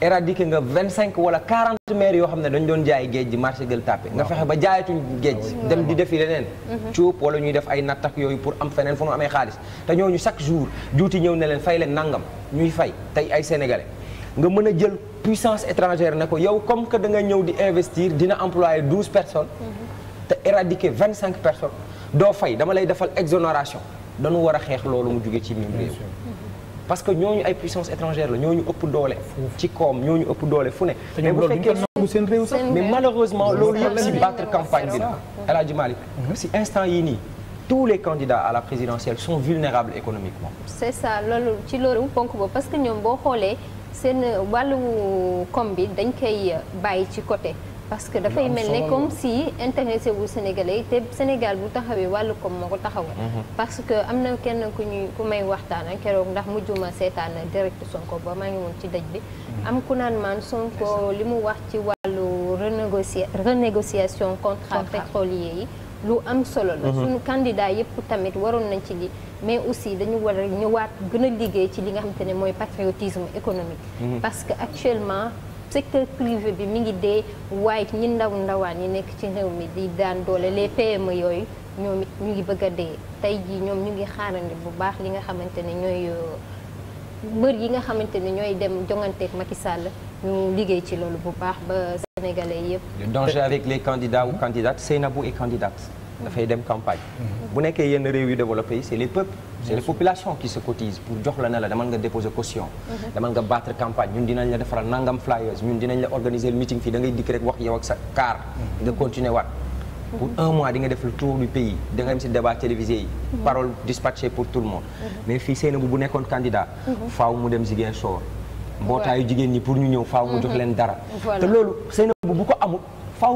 éradiqué nga vingt cinq wala quarante maires yoo xam ne dañ doon jaay géej ji marché gël tapé nga fexe ba jaayatuñ géej dem di defi leneen mhm. cuub wala ñuy def ay nattak yooyu pour am feneen fu nu amee xaalis te ñoo ñu chaque jour juuti ñëw ne leen fay leen nangam ñuy fay tey ay sénégalais nga mën a jël puissance étrangère ne ko yow comme que da nga ñëw di investir dina employé douze personnes mhm. te éradiquer vingt cinq personnes doo fay dama lay defal exonération dañu war a xeex loolu mu jóge ci mim réew parce que ñooñu ay puissance étrangère la ñooñu ëpp doole ci koom ñooñu ëpp doole fu ne mais bu fekkee seen réew sax malheureusement loolu yëpp si battre campagne bi la El Hadji mhm. si instant yii nii tous les candidats à la présidentielle sont vulnérables économiquement c'est ça loolu ci loolu ponk boobu parce que ñoom boo xoolee seen wàllu comme bi dañ koy bàyyi ci côté parce que dafay mel ni comme si intéressé wu Sénégalais te Sénégal bu taxawee wàllu koom moo ko taxawee. Mhm. parce que am na kenn ku ñuy ku may waxtaan ak keroog ndax mujjuma seetaan direct Sonko ba maa ngi woon ci daj bi. Mhm. am ku naan man Sonko li mu wax ci wàllu renégoci renégociation contrat pétrolier yi. lu am solo la. Mhm. suñu candidat yëpp tamit waroon nañ ci li mais aussi dañu war a ñëwaat gën a liggéey ci li nga xamante ne mooy patriotisme économique. parce que actuellement secteur privé bi mi ngi dee waaye ñi ndaw ndawaan yi nekk ci réew mi di daan doole les PME yooyu ñoom it ñu ngi bëgg a dee tey jii ñoom ñu ngi xaarandi bu baax li nga xamante ne ñooy mbër yi nga xamante ne ñooy dem jonganteeg Macky sàll ñu liggéey ci loolu bu baax ba sénégalais yëpp. le danger avec les candidats ou candidates Seynabou est candidate. dafay dem campagne. Mm-hmm. bu nekkee yenn réew yu développé yi c' est les peuples. c' est les populations qui pour jox la ne la demal nga déposer caution. Mm-hmm. demal nga battre campagne ñun dinañ la defaral nangam flyers ñun dinañ la organiser le meeting fii da ngay dikk rek wax yow ak sa kaar. Mm-hmm. nga continuer waat. pour un mois di def le tour du pays da dem ci débat télévisé yi. parole dispatchée pour tout le monde. mais fii Seynabou bu bu ko amul faaw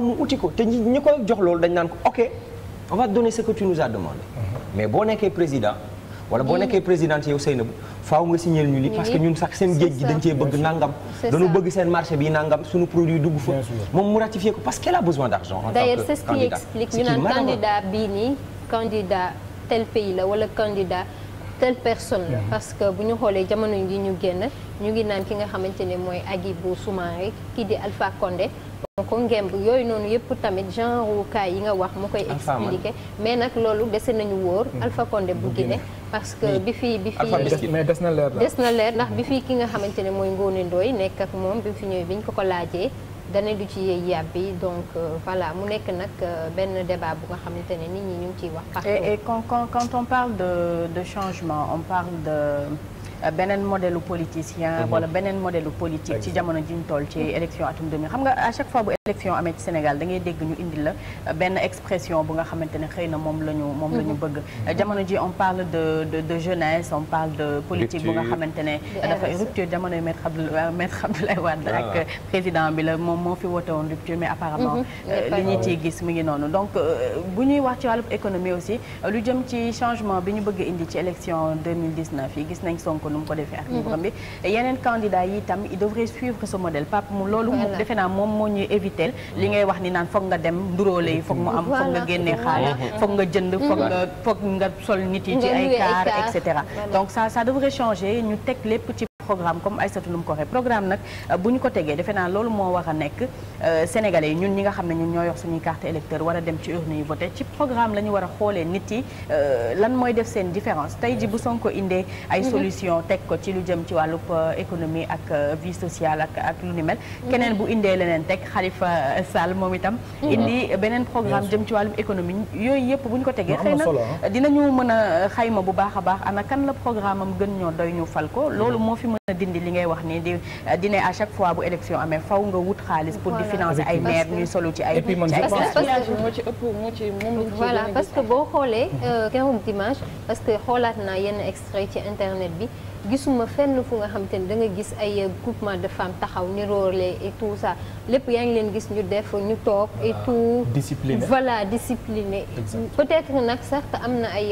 on va te donner nous as demandé. Mhm. mais boo nekkee président. wala boo nekkee présidente yow Seynabou faaw nga signal ñu li parce que ñun sax seen géej gi dañ cee bëgg nangam dañu bëgg seen marché bi nangam suñu produit dugg fa moom mu ratifié ko parce qu'elle a besoin d'argent en tant que d'ailleurs c'est ce qui explique ñu naan candidat bii nii candidat tel pays la wala candidat telle personne la parce que bu ñu xoolee jamono ji ñu génn ñu ngi naan ki nga xamante ne mooy Hadjibou Soumaré kii di Alpha Condé ko ngemb yooyu noonu yëpp tamit genre kaay yi nga wax mu koy expliqué mais nag loolu dese nañu wóor hmm. Alpha Condé bu Guinée parce que bi fii bi fii mais des na leer des na leer ndax bi fii ki nga xamante ne mooy Ngoné ndooy nekk ak moom bi fi ñëwee bi ñu ko ko laajee dana du ci yàbbi donc euh, voilà mu nekk nag euh, benn débat bu nga xamante ne nit ñi ñu ngi ciy wax partout et quand quand on parle de de changement on parle de Euh, beneen modèle politicien mhm. wala beneen modelu politique ci jamono ji ñu toll ci mhm. élection atum xam nga à chaque fois bu élection amee ci Sénégal da ngay dégg ñu indi la euh, benn expression bu nga xamante ne xëy na moom la ñu moom la ñu mhm. bëgg euh, jamono ji on parle de de de jeunesse on parle de politique bu nga xamante ne dafay rupture jamono yu maître Abdoulaye maître Abdoulaye Wade ah. ak président bi la moom moo fi woote woon rupture mais apparemment li ñuy ciy gis mu ngi noonu donc bu ñuy wax ci wàllu économie aussi lu jëm ci changement bi ñu bëgg indi ci élection 2019 yi gis nañ Sonko nu mu ko defee ak nguuram mhm. bi yeneen candidat yi itam il devrait suivre ce modèle Pape mu loolu mu defe naa moom moo ñuy éviter li ngay wax ni naan foog nga dem nduróole yi foog mu am foog nga génnee xaalis foog nga jënd foog nga sol nit yi ci ay car et donc ça ça changer ñu teg lépp ci programme comme Aïssatou nu mu ko waxee programme nag euh, bu ñu ko tegee defe naa loolu moo war a nekk euh, sénégalais yi ñun ñi nga xam ne ñun ñoo yor suñuy carte électeur war a dem ci urne yi voté ci programme la ñu war a xoolee nit yi euh, lan mooy def seen différence tey ji bu ko indee ay mhm. solution teg ko ci lu jëm ci wàllub économie ak vie sociale ak ak lu ni mel mhm. keneen bu indee leneen teg Khalifa Sall moom itam mhm. indi beneen programme jëm ci wàllub économie yooyu yëpp bu ñu ko tegee xëy na ah. dinañu mën a xayma bu baax a baax ana kan la gën ñoo doy ñu fal na dindi li ngay wax nii di euh, dine à chaque fois bu élection amee faw nga wut xaalis pour di financer ay maire ñuy solu ci ay et puis man voilà parce que boo xoolee mm-hmm. euh, kerum dimanche parce que xoolaat naa yenn extrait ci internet bi gisuma fenn fu nga xam te ne da nga gis ay euh, groupement de femmes taxaw niroole et tout ça lépp yaa ngi leen gis ñu def ñu toog et tout discipliné voilà discipliné peut-être nag sax am na ay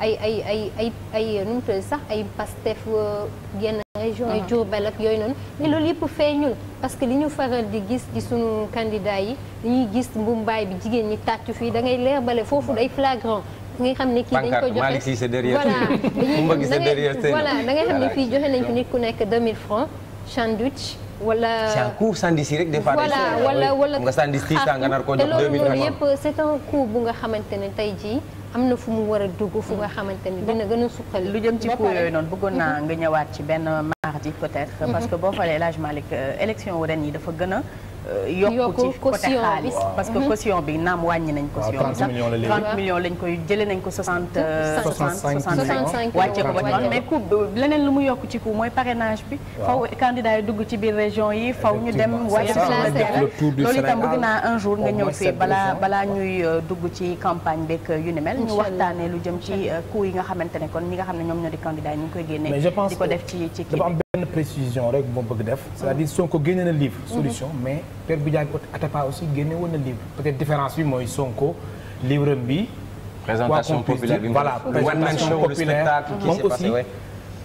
ay ay ay ay ay nu sax ay pastef euh, yenn région yi uh-huh. Diourbel ak yooyu noonu mais loolu yëpp feeñul parce que li ñu faral di gis ci suñu candidat yi li ñuy gis mbumbaay bi jigéen ñi tàccu fii da ngay leer bale foofu day flagrant nga xam ne kii dañ ko joxe Malick Cissé derrière voilà da ngay fii joxe nañ nit ku nekk 2000 francs sandwich wala c'est un coup sandwich rek des fois voilà wala wala nga sandwich nga nar ko jox 2000 francs te loolu yëpp c'est un coup bu nga xamante ne tey jii am na fu mu war a dugg fu nga mm. xamante ni dina gën a suqal lu jëm ci cours yooyu noonu bëggoon naa mm-hmm. nga ñëwaat ci benn mardi peut-être parce mm-hmm. que boo xoolee El Hadj Malick euh, élection wu ren yi dafa gën a Euh, yokku ci côté xaalis parce que mm-hmm. caution bi naam wàññi nañ caution bi sax 30 millions lañ koy jëlee nañ ko 60 65 65 wàcce ko ba mais ku leneen lu mu yokk ci ku mooy parrainage bi faw candidat yi dugg ci biir région yi faw ñu dem wàcc loolu itam bëgg naa un jour nga ñëw fii balaa balaa ñuy euh, dugg ci campagne beeg yu ni mel ñu waxtaanee lu jëm ci euh, coût yi nga xamante ne kon ñi nga xam ne ñoom ñoo di candidat yi ñu ngi koy génne di ko def ci ci kii benn précision rek moo bëgg def c'est-à-dire génne na livre solution mhm. mais Père Boudiagne Atepa aussi génne woon na livre peut-être différence bi mooy Sonko livre bi présentation populaire bi voilà présentation populaire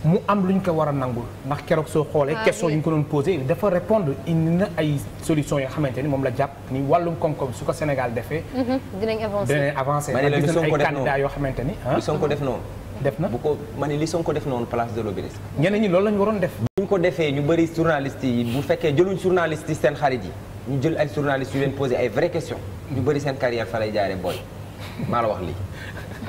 moom lu ñu ko war a nangul ndax keroog soo xoolee ah question yi ñu ko doon posé dafa répondre indi na ay solution yoo xamante ni moom la jàpp ni wàllum koom-koom su ko Sénégal defee mhm. dinañ avancer dinañ yoo xamante ni ah. Sonko def noonu def na bu ko ma ne li ko def noonu place de l'Obélisque. ñeneen ñi loolu la waroon def. bu ñu ko defee ñu bëri journaliste yi bu fekkee jëluñ journaliste yi seen xarit yi ñu jël ay journaliste yu leen posé ay vraies questions. ñu bari seen carrière fa lay jaaree booy maa la wax lii.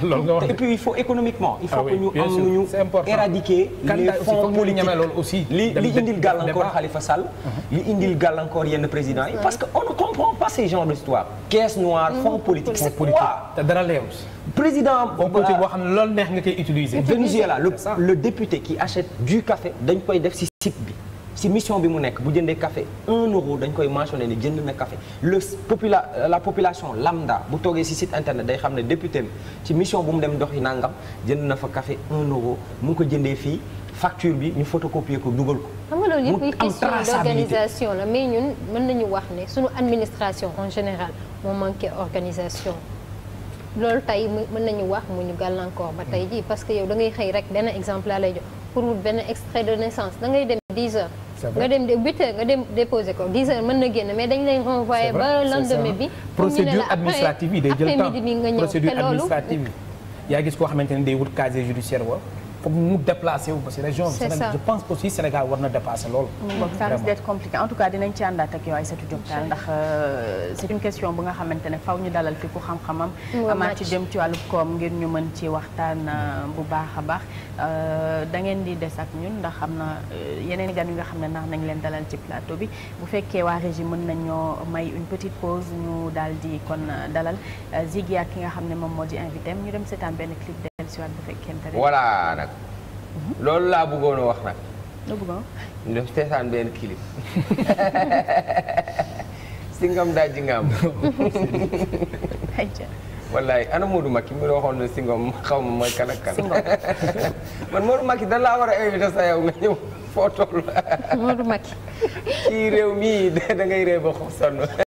loolu nga wax et puis il faut économiquement. il faut ah que ñu am ñu éradiquer les fonds politiques li li uh-huh. indil gàllankoor Khalifa Sall. li indil yenn président yi. parce que on ne comprend pas ces genres d'histoire. caisse noire mm-hmm. fonds politique c'est quoi président fonds boo xam ne loolu neex nga koy utiliser. Venezuela le député qui achète du café dañ koy def ci site bi. ci mission bi mu nekk bu jëndee café 1 euro dañ koy mentionné ni jënd na café le popula euh, la population lambda bu toogee ci site internet day xam ne député ci mission bu mu dem doxi nangam jënd na fa café 1 euro mu ko jëndee fii facture bi ñu photocopier ko dugal ko. xam nga loolu yëpp question d'organisation la mais ñun mën nañu wax ne suñu administration en général moo manqué organisation. loolu tey mën nañu wax mu ñu gàllankoor ba tey jii parce que yow da ngay xëy rek benn exemple laa lay benn extrait de da ngay dem 10 heures. nga dem de 8 heures nga dem déposé ko 10 heures mën na génn mais dañ lay renvoyé ba lendemain bi. procédure administrative yi day jël temps procédure administrative yi yaa gis koo xamante ne day wut casier judiciaire wa foog mu déplacé wu ba si région bi. je pense que Sénégal war na dépassé loolu. Mm. ça risque d'être compliqué en tout cas dinañ ci àndaat ak yow Aïssatou Diop Tall ndax euh, c'est une question bu nga xamante ne faw ñu dalal fi ku xam-xamam. amaat ci jëm ci wàllu koom ngir ñu mën ci waxtaan euh, bu baax a baax. Euh, da ngeen di des ak ñun ndax xam na yeneen gan yi nga xam ne ndax nañ leen dalal ci plateau bi bu fekkee waa régie mën nañoo may une petite pause ñu daal di kon dalal Ziggy ki nga xam ne moom moo di invité am ñu dem benn clip. dellusiwaat bu nag. Mhm. loolu laa bëggoon wax nag. nga bëggoon. ñu seetaan benn clip. si ngam ana Modou Macky mi waxoon na singom xaw ma mooy kan ak kan man Modou Macky dan laa war a invité sa yow nga ñëw foo toll Modou Macky ci réew mii ba xof sonn